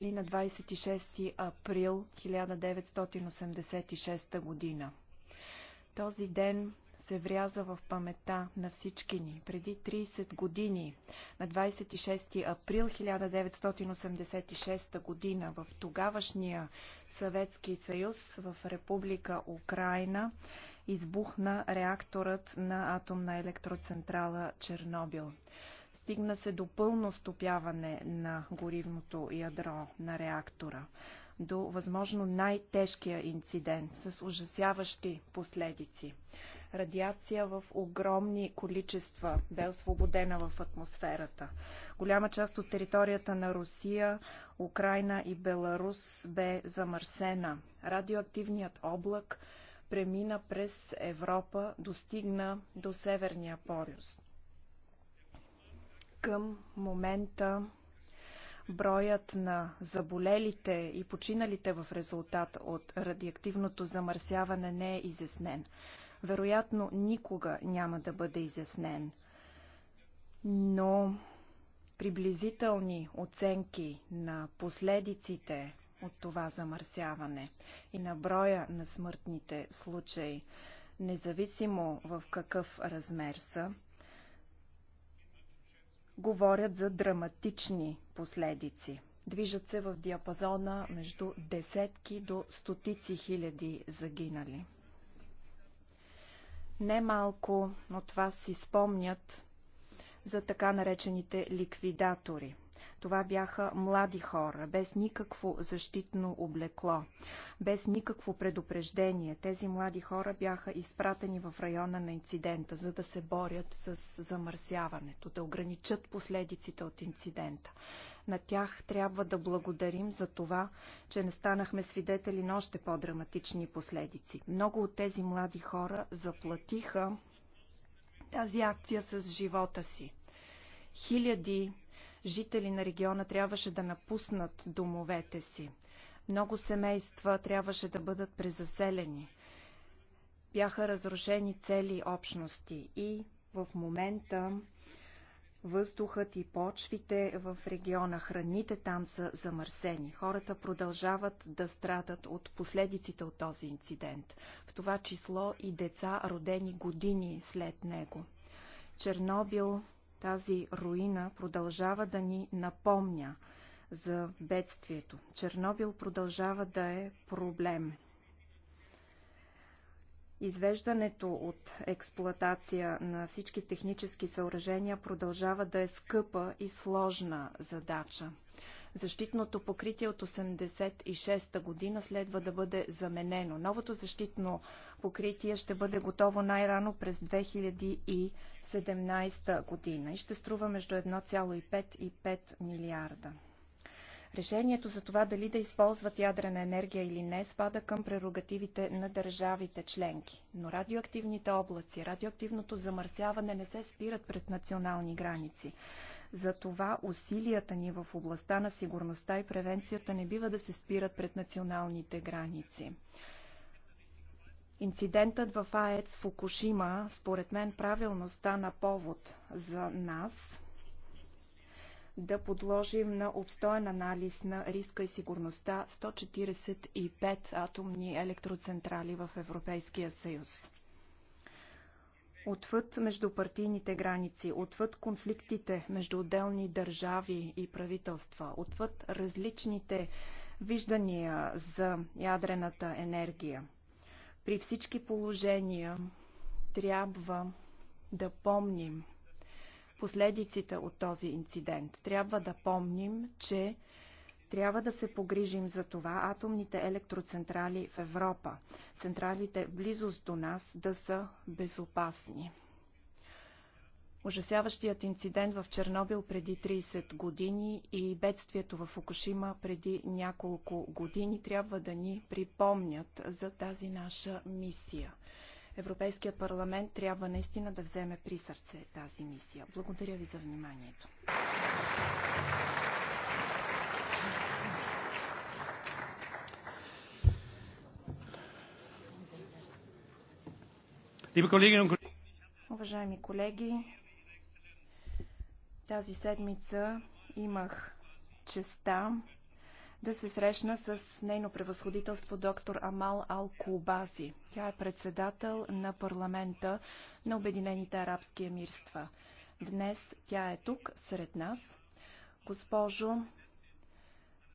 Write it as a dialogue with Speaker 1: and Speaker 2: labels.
Speaker 1: и на 26 април 1986 година. Този ден се вряза в памета на всички ни. Преди 30 години, на 26 април 1986 година, в тогавашния Съветски съюз, в Република Украина, избухна реакторът на атомна електроцентрала Чернобил. Стигна се до пълно стопяване на горивното ядро на реактора, до възможно най-тежкия инцидент с ужасяващи последици. Радиация в огромни количества бе освободена в атмосферата. Голяма част от територията на Русия, Украина и Беларус бе замърсена. Радиоактивният облак премина през Европа, достигна до Северния полюс. Към момента броят на заболелите и починалите в резултат от радиоактивното замърсяване не е изяснен. Вероятно никога няма да бъде изяснен. Но приблизителни оценки на последиците от това замърсяване и на броя на смъртните случаи, независимо в какъв размер са, говорят за драматични последици. Движат се в диапазона между десетки до стотици хиляди загинали. Немалко от вас си спомнят за така наречените ликвидатори – това бяха млади хора, без никакво защитно облекло, без никакво предупреждение. Тези млади хора бяха изпратени в района на инцидента, за да се борят с замърсяването, да ограничат последиците от инцидента. На тях трябва да благодарим за това, че не станахме свидетели на още по-драматични последици. Много от тези млади хора заплатиха тази акция с живота си. Хиляди жители на региона трябваше да напуснат домовете си. Много семейства трябваше да бъдат презаселени. Бяха разрушени цели общности и в момента въздухът и почвите в региона, храните там са замърсени. Хората продължават да страдат от последиците от този инцидент, в това число и деца, родени години след него. Чернобил тази руина продължава да ни напомня за бедствието. Чернобил продължава да е проблем. Извеждането от експлоатация на всички технически съоръжения продължава да е скъпа и сложна задача защитното покритие от 86-та година следва да бъде заменено. Новото защитно покритие ще бъде готово най-рано през 2017 година и ще струва между 1,5 и 5 милиарда. Решението за това дали да използват ядрена енергия или не спада към прерогативите на държавите членки. Но радиоактивните облаци, радиоактивното замърсяване не се спират пред национални граници. Затова усилията ни в областта на сигурността и превенцията не бива да се спират пред националните граници. Инцидентът в АЕЦ Фукушима, според мен, правилно стана повод за нас да подложим на обстоен анализ на риска и сигурността 145 атомни електроцентрали в Европейския съюз отвъд междупартийните граници, отвъд конфликтите между отделни държави и правителства, отвъд различните виждания за ядрената енергия. При всички положения трябва да помним последиците от този инцидент. Трябва да помним, че трябва да се погрижим за това атомните електроцентрали в Европа, централите в близост до нас да са безопасни. Ужасяващият инцидент в Чернобил преди 30 години и бедствието в Фукушима преди няколко години трябва да ни припомнят за тази наша мисия. Европейският парламент трябва наистина да вземе при сърце тази мисия. Благодаря ви за вниманието. Уважаеми колеги, тази седмица имах честа да се срещна с нейно превъзходителство доктор Амал Ал-Кубаси. Тя е председател на парламента на Обединените арабски емирства. Днес тя е тук сред нас. Госпожо